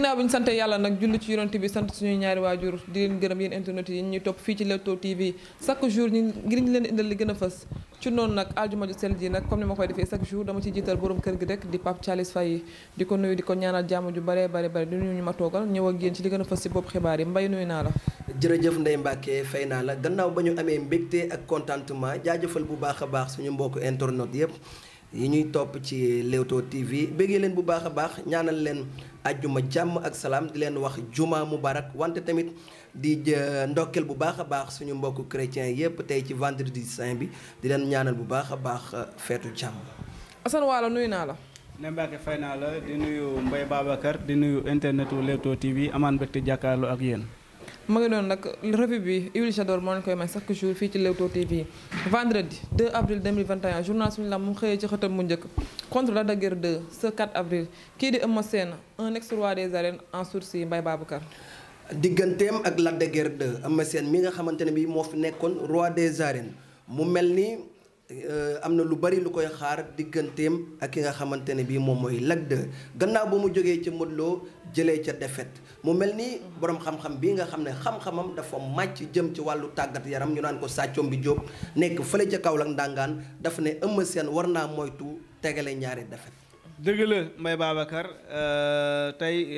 ginnaaw bi ñu sante yàlla nag julli ci yonent bi sant suñuy ñaari waajur di leen gërëm yéen internet yi ñuy topp fii ci Leewtoo TV chaque jour ñu ngir ñu leen indal li gën a fës ci noonu nag aljuma ju sell ji nag comme ni ma koy defee chaque jour dama ci jiital borom kër gi rek di Pape Thialis Faye di ko nuyu di ko ñaanal jàmm ju bare bare bare di ñu ma toogal ñëw ak yéen ci li gën a fës si bopp xibaar yi mbay nuyu naa la jërëjëf Ndeye Mbacke fay naa la gannaaw ba ñu amee mbégte ak contentement jaajëfal bu baax a suñu mbokk internet yépp yi ñuy topp ci Leewtoo TV bëggee leen bu baax a baax ñaanal leen ajjuma jàmm ak salaam di leen wax juma mubarak wante tamit di ndokkeel bu baax a baax suñu mbokku chrétien yépp tey ci vendredi saint bi di leen ñaanal bu baax a baax euh, feetu jàmm. Assane Waala nuyu naa la. ne Mbacke naa la di nuyu Mbaye Babacar di nuyu internet wu Leewtoo TV amaan mbégte jàkkaarloo ak yéen. ma ngi noonu nag revue bi Iwil Jador moo leen koy may chaque jour fii ci Leewtoo TV vendredi 2 avril 2021 journal suñu lam mu xëyee ci xëtam mu njëkk contre Lac de Guiers 2 ce 4 avril kii di Eumeu Sène un ex-roi des arènes en sursis Mbaye Babacar digganteem ak Lac de Guiers 2 mi nga xamante ne bi moo fi nekkoon roi des arènes mu mel nii Euh, am na lu bari lu koy xaar digganteem ak ki nga xamante ne bii moom mooy Lac 2 gannaaw ba mu jógee ca Modou jëlee ca defet mu mel ni boroom xam-xam bii nga xam ne xam-xamam dafa màcc jëm ci wàllu tàggat yaram ñu naan ko sàccoom bi Diop nekk fële ca Kaolack ndàngaan dafa ne Eumeu seen war naa moytu tegale ñaari défaite. dëgg la Mbaye Babacar euh, tey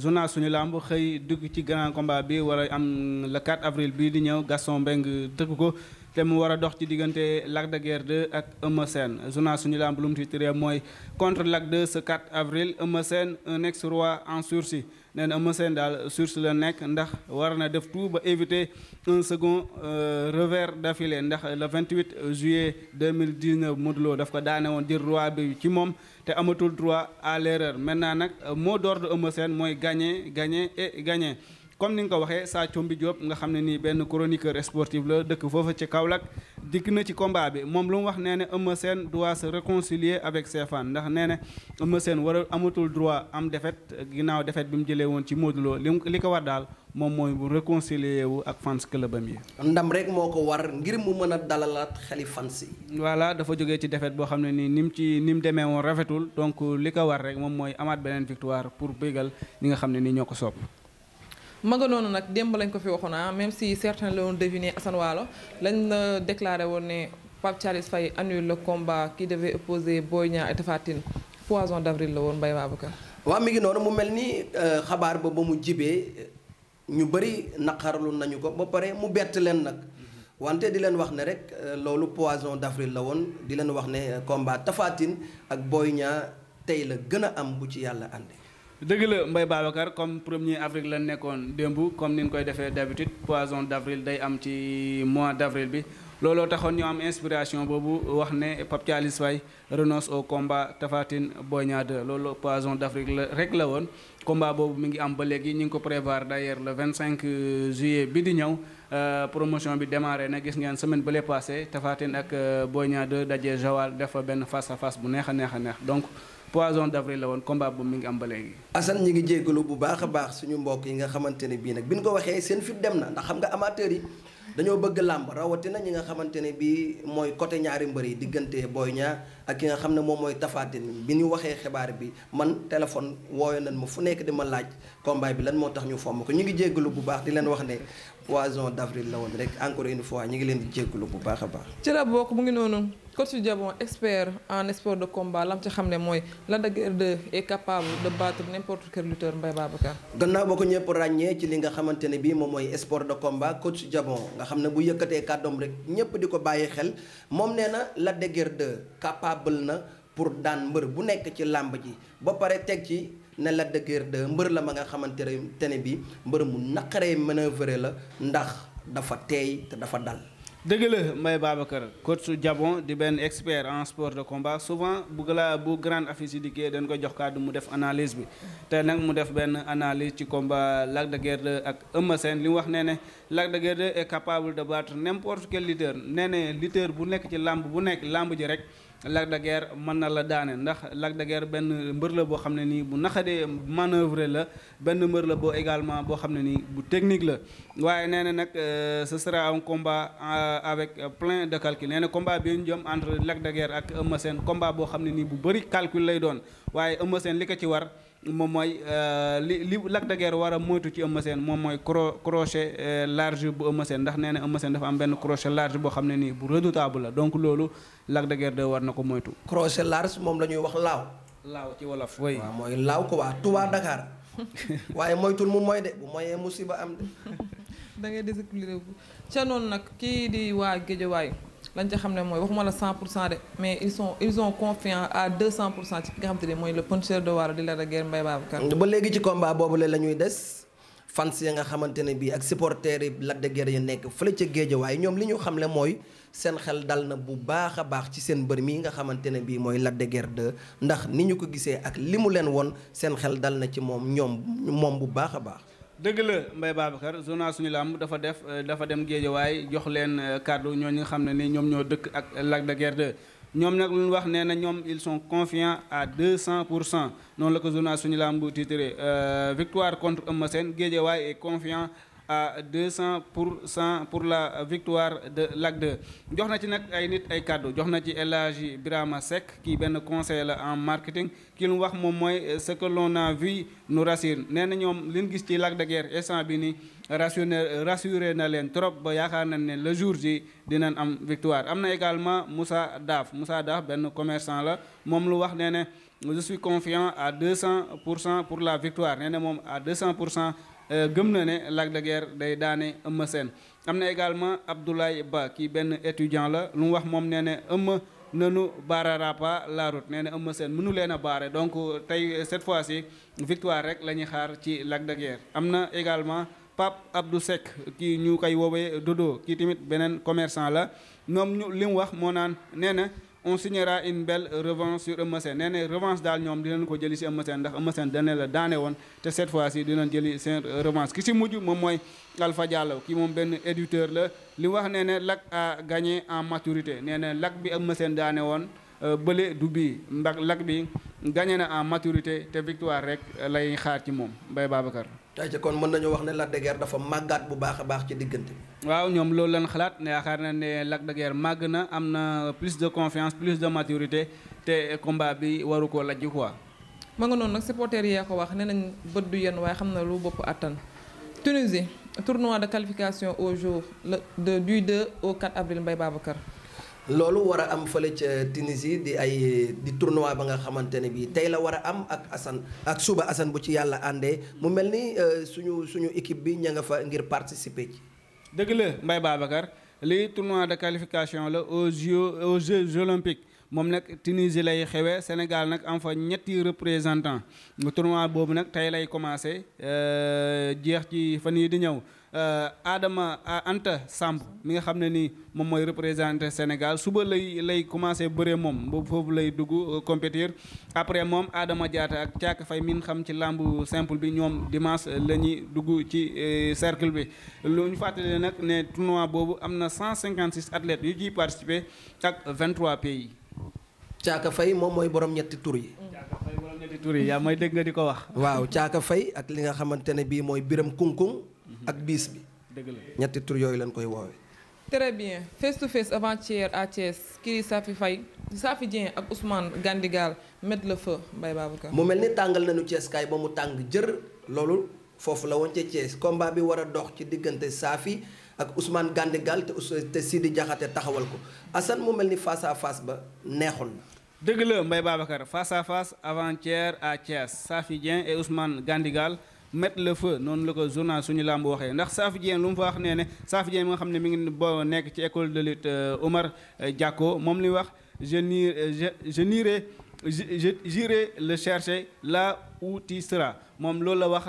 journal euh, suñu làmb xëy dugg ci grand combat bi war am le 4 avril bii di ñëw Gaston Mbengue tëgg ko. te mu war a dox ci diggante Lac de Guiers ak Eumeu Sène suñu lamb lu mu titré mooy contre Lac 2 ce 4 avril Eumeu Sène un roi en sursis nee na Eumeu Sène daal sursis la nekk ndax war na def tout ba éviter un second euh, revers d'affilée ndax le 28 juillet dix Modou Lo daf ko daane woon jël roi bi ci moom te amatul droit à l'erreur maintenant nag mot d'ordre Eumeu Sène mooy gagner gagner et gagner comme ni nga ko waxee saa Combi nga xam ne ni benn chroniqueur sportif la dëkk foofu ci Kaolack dikk na ci combat bi moom lu mu wax nee ne Eumeu Sène doit se réconcilier avec Stéphane ndax nee ne Eumeu Sène war a amatul droit am défaite ginnaaw defet bi mu jëlee woon ci Modou li li ko war daal moom mooy bu réconcilier wu ak fans club am yi. ndam rek moo ko war ngir mu mën a dalalaat xeli fans yi. voilà dafa jógee ci defet boo xam ne nii ni mu ci ni mu demee woon rafetul donc li ko war rek moom mooy amaat beneen pour bégal ñi nga xam ne nii ñoo ko sopp ma nga noonu nag démb lañ ko fi waxoon ah même si certains la woon Assane Waalo lañ la déclaré woon ne Pape Thialis Faye annule le combat qui devait opposer Boy Niang et Tapha Tine d'avril la woon Mbaye Babacar. waa mi ngi noonu mu mel ni euh, xabaar ba ba mu jibee ñu bëri naqarlu nañu ko ba pare mu bett leen nag wante di leen wax ne rek euh, loolu poisson d'avril la woon di leen wax ne euh, combat Tapha Tine ak Boy Niang tey la gën a am bu ci yàlla ànde dëgg la Mbaye Babacar comme premier avril la nekkoon démb comme ni ñu koy defee d'habitude poisson d'avril day am ci mois d'avril bi looloo taxoon ñu am inspiration boobu wax ne Pape Thialis Faye renonce au combat Tafatine Boy Niang 2 loolu poisson d'Afrique la rek la woon combat boobu mu ngi am ba léegi ñu ngi ko prévoir d'ailleurs le 25 euh, juillet bi di ñëw euh, promotion bi démarré na gis ngeen semaine bële passé tafaatin ak euh, Boy Niang 2 dajee Joal def fa benn face à bu neex a neex a neex donc poisson d'avril la woon combat bu mi ngi am ba léegi. Assane ñi ngi jéggalu bu baax a baax suñu mbokk yi nga xamante ne bii nag bi ñu ko waxee seen fit dem na ndax xam nga amateur yi dañoo bëgg làmb rawatina ñi nga xamante ne bii mooy côté ñaari mbër yi diggante Boy ñaar ak ki nga xam ne moom mooy Tapha Tine bi ñu waxee xibaar bi man téléphone wooyo nañ ma fu nekk di ma laaj combat bi lan moo tax ñu fomm ko ñu ngi jéggalu bu baax di leen wax ne poisson d'avril la woon rek encore une fois ñu ngi leen di jéggalu bu baax a baax. coach Diabon expert en sport de combat lam ci xam ne mooy Lac de Guiers 2 est capable de battre n'importe quel lutteur Mbaye Babacar gannaaw ba ko ñëpp ràññee ci li nga xamante ne bii moom mooy sport de combat coach Diabon nga xam ne bu yëkkatee kàddoom rek ñëpp di ko bàyyi xel moom nee na Lac de Guiers capable na pour daan mbër bu nekk ci làmb ji ba pare teg ci ne Lac de mbër la ma nga xamante ne bii mbër mu naqaree manœuvrer la ndax dafa teey dafa dal dëgg la Mbaye Babacar coach su Jabon di benn expert en sport de combat souvent bu la bu grande affiche yi liggéey dañ ko jox kàddu mu def analyse bi te nag mu def benn analyse ci combat Lac de ak Eumeu Sène li wax nee ne Lac de Guiers est capable de battre n'importe quel lutteur nee ne lutteur bu nekk ci làmb bu nekk làmb ji rek Lac de mën na la daane ndax Lac de benn mbër la boo xam ne nii bu naqadee manoeuvre la benn mbër la boo également boo xam ne nii bu technique la waaye nee na nag euh, ce sera un combat euh, avec plein de calcul nee na combat bi ñu jëm entre Lac de Guiers ak Eumeu Sène combat boo xam ne nii bu bëri calcul lay doon waaye Eumeu seen li ko ci war moom mooy euh, li li Lac de war a moytu ci Eumeu Sène moom mooy cro crochet euh, large bu Eumeu Sène ndax nee na Eumeu Sène dafa am benn crochet large boo xam ne nii bu redoutable la donc loolu Lac de de war na ko moytu. crochet large moom la wax laaw. laaw ci wolof. waaw mooy laaw ko waa Touba Dakar waaye moytul mu mooy de bu moyee musiba am de. da ngay déséquilibré ca noonu nag kii di waa Géejawaay. lañ ca xam ne mooy waxuma la 100 pour cent de mais ils sont ils confiance à 200 pour cent ci ki nga xam te ne mooy le puncheur de Walo di la da guerre Mbaye Babacar ba léegi ci combat boobu la ñuy des fans nga xamante ne bii ak supporters yi Lac de Guiers ya nekk ci ca waaye ñoom li ñu xam ne mooy seen xel dal na bu baax a baax ci seen mbër mi nga xamante ne bii mooy Lac de ndax ni ñu ko gisee ak li mu leen woon seen xel dal na ci moom ñoom moom bu baax a baax. dëgg la Mbaye Babacar journal suñu làmb dafa def euh, dafa dem géejawaay jox leen euh, kàddu ñoo ñi nga xam ne ni ñoom ñoo dëkk ak Lac de ñoom nag lu ñu wax nee na ñoom il sont confiants à deux 200 pour cent noonu la ko journal suñu làmb titré euh, victoire contre Eumeu Sène géejawaay et confiant deux 200 pour cent pour la victoire de Lac jox na ci nag ay nit ay kàddu jox na ci El Hadji a Seck kii benn conseil la en marketing ki lu wax moom mooy euh, ce que l'on a vu nous rassure na ñoom liñ gis ci Lac de Guiers bi ni rassuré rassuré na leen trop ba yaakaar nañ ne le jour ji dinañ am victoire am na également Moussa Daaf Moussa Daaf benn commerçant la moom lu wax nee ne je suis confiant à 200 pour cent pour la victoire nee moom à 200 pour cent Euh, gëm na ne Lac de day daane Eumeu Sène am na également Abdoulaye Ba kii benn étudiant la lu mu wax moom nee ne Eumeu nanu baarara pa la route nee na Eumeu Sène mënu leen a baare donc euh, tey cette fois ci victoire rek la ñuy xaar ci Lac de Guiers am na également Pape Abdou Seck kii ñu koy woowee Dodo kii tamit beneen commerçant la ñoom ñu wax moo naan nee na on signera une belle revanche sur Eumeu Sène nee na revanche daal ñoom dinañ ko jëli si Eumeu Sène ndax Eumeu Sène dane daane woon te cette fois ci dinañ jëli seen revanche ki si mujj moom mooy Alpha Diallo ki moom benn éditeur la li wax nee ne Lac a gagné en maturité nee na Lac bi Eumeu Sène daane woon euh, bële du bii ndax Lac bi gagné na en maturité te victoire rek lay xaar ci moom Mbaye Babacar tey ci kon mën nañu wax ne Lac de Guiers dafa màggaat bu baax baax ci diggante waaw ñoom loolu lañ xalaat yaakaar na ne Lac de Guiers màgg na am na plus de confiance plus de maturité te combat bi waru ko lajj quoi. ma nga noonu nag supporters yee ko wax nee nañ bët du yenn waaye xam na lu bopp attan Tunisie tournoi de qualification au jour le du 2 au 4 avril Mbaye Babacar. loolu war a am fële ca Tunisie di ay di tournoi ba nga xamante ne bii tey la war a am ak Assane ak suba Assane bu ci yàlla àndee mu mel ni euh, suñu suñu équipe bi ña nga fa ngir participer ci. dëgg la Mbaye Babacar lii tournoi de qualification la aux Jeux aux Jeux olympiques moom nag Tunisie lay xewee Sénégal nag am fa ñetti représentant tournoi boobu nag tey lay commencé euh, jeex ci fan yii di ñëw. Euh, Adama euh, Anta Samb mi nga xam ne ni moom mooy représenté Sénégal suba lay lay commencé bëree moom ba foofu lay dugg euh, compétir après moom aadama Diatta ak Thiaka Faye min xam ci làmb simple bi ñoom dimanche la ñuy dugg ci cercle bi. lu ñu fàttali nag ne tournoi boobu am na 156 athlètes yu ciy participer ak 23 pays. Thiaka Faye moom mooy borom ñetti tur yi. yaa mooy dégg nga di ko wax. waaw Thiaka Faye ak li nga xamante ne bii mooy Biram Kunkung. ak biis bi. ñetti tur yooyu lañ koy woowee. très bien face to face avant-hier à Thiès kii Safi Faye Safi Dieng ak Ousmane Gandigal mettre le fa Mbaye Babacar. mu mel ni tàngal nañu Thiès kaay ba mu tàng jër loolu foofu la woon ca Thiès combat bi war a dox ci diggante saafi ak Ousmane Gandigal te te Sidi Diakhaté taxawal ko Assane mu mel ni face à face ba neexul na. dëgg la Mbaye Babacar face à face avant-hier à Thiès Safi Dieng et Gandigal. mettre la feu noonu la ko journal suñu làmb waxee ndax Safi Dieng lu mu fa wax nee ne Safi Dieng mi nga xam ne mi ngi boo nekk ci école de lutte euh, Omar euh, Diako moom li wax je euh, je n'irai j'irai le chercher la où tu moom loolu la wax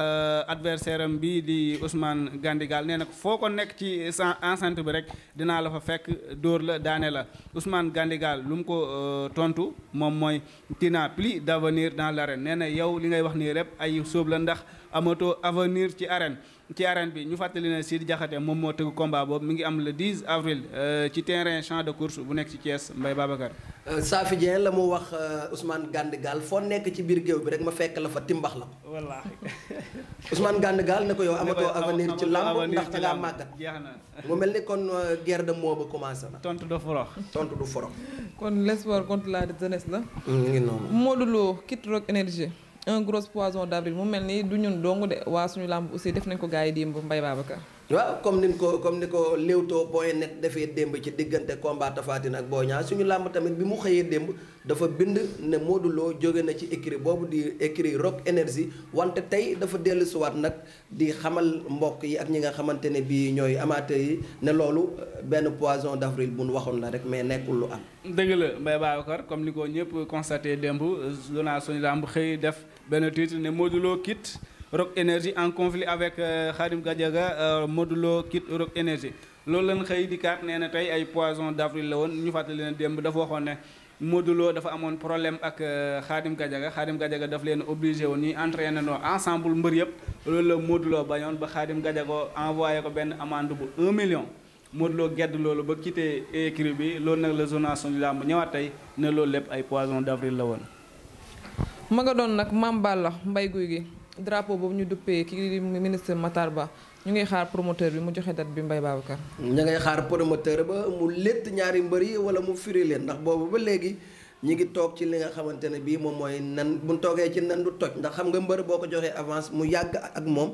adversaire am bi di Ousmane Gandigal nee na foo ko nekk ci encentre bi rek dinaa la fa fekk dóor la daane la Ousmane Gandigal lu mu ko tontu moom mooy tu n'as plus d'avenir dans l'arène nee na yow li ngay wax nii rek ay sóob la ndax amatoo avenir ci arène ci arène bi ñu fàttali ne Sidi Diakhaté moom moo tëgg combat boobu mi ngi am le 10 avril euh, ci terrain champ de course bu nekk ci Thiès Mbaye Babacar. Euh, Safi Dieng la mu wax euh, Ousmane gaal foo nekk ci biir géew bi rek ma fekk la fa timbax la. wallaahi. Ousmane Gandigal ne ko yow amatoo avenir ci làmb ndax da ngaa màggat. jeex na mu mel ni kon guerre moo mots ba commencé na. tontu du forox. tontu du forox. kon l'espoir contre la jeunesse la. mu mm, ngi noonu. Modou Lo kit rock énergie. un gros poisson d'avril mu mel ni du ñun dong waa suñu làmb ussi def nañ ko gars yi démb Mbaye Babacar waaw comme ni ko comme ni ko Leewtoo point net defee démb ci diggante combat Tapha Tine ak Boy Niang suñu làmb tamit bi mu xëyee démb dafa bind ne Modou jóge na ci écurie boobu di écurie Rock Énergie wante tey dafa dellu siwaat nag di xamal mbokk yi ak ñi nga xamante ne bii ñooy amateur yi ne loolu euh, benn poisson d'avril bu nu waxoon la rek mais nekkul lu am. dëgg la Mbaye Babacar comme ni ko ñëpp constaté démb euh, journal suñu làmb xëy def benn titre ne Modou Lo quitte. Rock Énergie en conflit avec euh, Khadim Gadiaga euh, Modou Lo quitte Rock Énergie loolu lañ xëy di kaat nee na tey ay poisson d'avril la woon ñu fàttali leen démb dafa waxoon ne Modou dafa amoon problème ak gaja euh, ga Gadiaga gaja ga daf leen obligé woon ñuy entraîné noo ensemble mbër yëpp loolu la Modou Lo bañoon ba gaja Gadiaga envoyé ko benn amende bu 1 million Modou Lo gedd loolu ba quitté écrit bi loolu nag la journal suñu làmb ñëwaat tey ne loolu lépp ay poisson d'avril la woon ma nga drapeau boobu ñu duppee ki ministre Matar Ba ñu ngi xaar promoteur bi mu joxe date bi Mbaye Babacar. ñu ngay xaar promoteur ba mu létt ñaari mbër yi wala mu firi leen ndax boobu ba léegi ñi ngi toog ci li nga xamante ne bii moom mooy nan bu toogee ci nan du toj ndax xam nga mbër boo ko joxee avance mu yàgg ak moom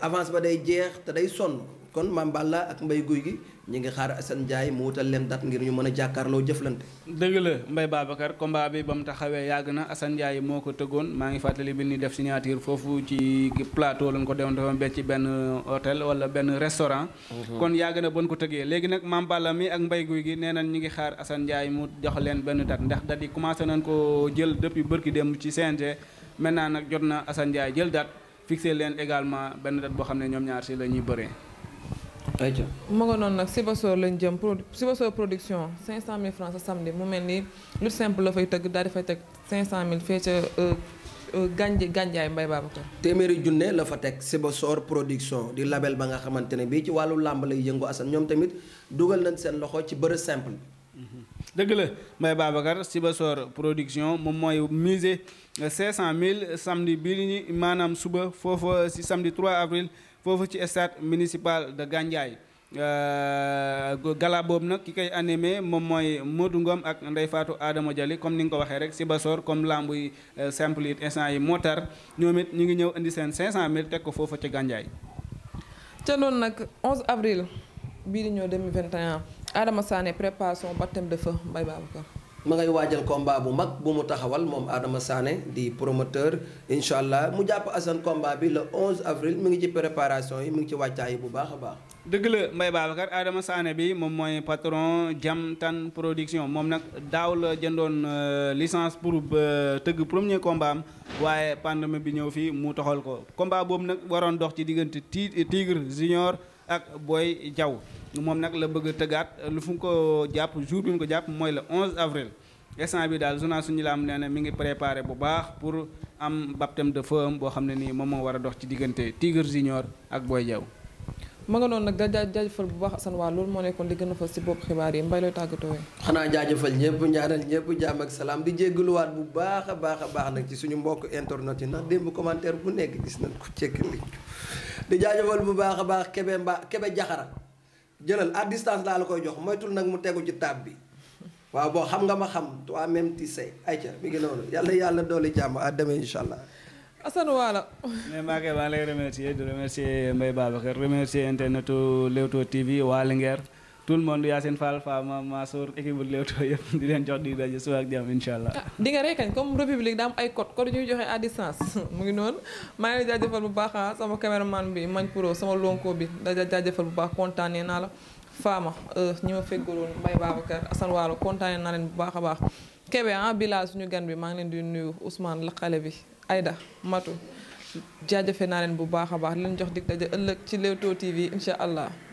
avance ba day jeex te day sonn kon maam ak mbay Guy gi ñu ngi xaar Assane Ndiaye mu wutal leen date ngir ñu mën a jàkkaarloo jëflante. dëgg la mbay Babacar combat bi ba mu taxawee yàgg na Assane Ndiaye moo ko tëggoon maa ngi fàttali bi ni def signature foofu ci plateau lañ ko defoon ba ci benn hôtel wala benn restaurant. Mhm. kon yàgg na bon ko tëggee léegi nag maam mi ak Mbaye Guy gi nee nañ ñu ngi xaar Assane Ndiaye mu jox leen benn date ndax date yi commencé nañ ko jël depuis bërki dem ci CNG maintenant nag jot na Assane Ndiaye jël date fixé leen également benn date boo xam ne ñoom ñaar si la ñuy bëree ayca mu nga noonu nag Sibassor lañ jëm pro Sibassor production 500000 francs sa samedi mu mel ni lu simple la fay tëgg daal di fay teg mil fee ca gànj gànjaay mbay Babacar. téeméeri junne la fa teg Sibassor production di label ba nga xamante ne bii ci wàllu làmb lay yëngu Assane ñoom tamit dugal nañ seen loxo ci bëre simple. Mm-hmm. dëgg la Mbaye Babacar Sibassor production moom mooy musée 500000 samedi bii nii maanaam suba foofa si samedi 3 avril. foofu ci stade municipal de Gandiaye euh, gala boobu nag ki koy animé moom mooy Modou ngoom ak Ndeye faatu aadama Dialli comme ni nga ko waxee rek si Basor comme lamb yi euh, simple it instant yi moo tar ñoom it ñu ngi ñëw indi seen cinq mille teg ko foofu ci Gandiaye. ca noonu nag 11 avril bii di ñëw 2021 Adama Sané prépare son baptême de feu Mbaye Babacar. ma ngay waajal combat bu mag bu mu taxawal moom Adama Sané di promoteur incha allah mu jàpp Assane combat bi la 11 avril mu ngi ci préparation yi mu ngi ci wàccaay bu baax a baax. dëgg la Mbaye Babacar Adama Sané bi moom mooy patron Jam Tan production moom nag daaw la jëndoon euh, licence pour euh, tëgg premier combat am waaye pandémie bi ñëw fii mu toxal ko combat boobu nag waroon dox ci diggante Tigre Junior ak booy Diaw. moom nag la bëgg tëggaat lu fu mu ko jàpp jour bi mu ko jàpp mooy la 11 avril instant bi daal journal suñu laam nee na mi ngi préparé bu baax pour am baptême de feu boo xam ne nii moom moo war a dox ci diggante Tigre Junior ak Boy Diaw. ma nga noonu nag da jaajëfal bu baax asan waa loolu moo nekkoon li gën a fas ci bopp xibaar yi tàggatoo xanaa jaajëfal ñëpp ñaanal ñëpp jàmm ak salaam di jéggaluwaat bu baax a baax a baax nag ci suñu mbokk internet yi ndax démb commentaire bu nekk gis nañ ko cekk bi di jaajëfal bu baax a baax kebe mbaa kebe jaxara jëlal ak distance laa la koy jox moytul nag mu tegu ci taab bi waaw boo xam nga ma xam toi même tu sais ayca mi ngi noonu yàlla yàlla doole jàmm à demain incha allah. Assane Wala. mais Mbacké maa ngi lay remercier di remercier Mbaye Babacar remercier internetu Leewtoo TV waa Linguère. tout le monde Yacine Fall Fama Massour équipe bu Leewtoo yëpp di leen jox di daje suba ak jàmm incha allah. Ah, di nga comme république daa am ay code code ñuy joxe à distance mu ngi noonu maa ngi lay bu baax ah, sama caméraman bi mañ pro sama lonko bi da jaajëfal bu baax kontaanee naa la Fama euh, ñi ma feggaloon Mbaye Babacar Assane Waalo kontaanee naa leen bu baax a baax. Kébé ah Bilal suñu gan bi maa ngi leen di nuyu Ousmane la xale bi Aïda Matu jaajëfe naa leen bu baax a baax leen jox dig daje ëllëg ci Leewtoo TV incha allah.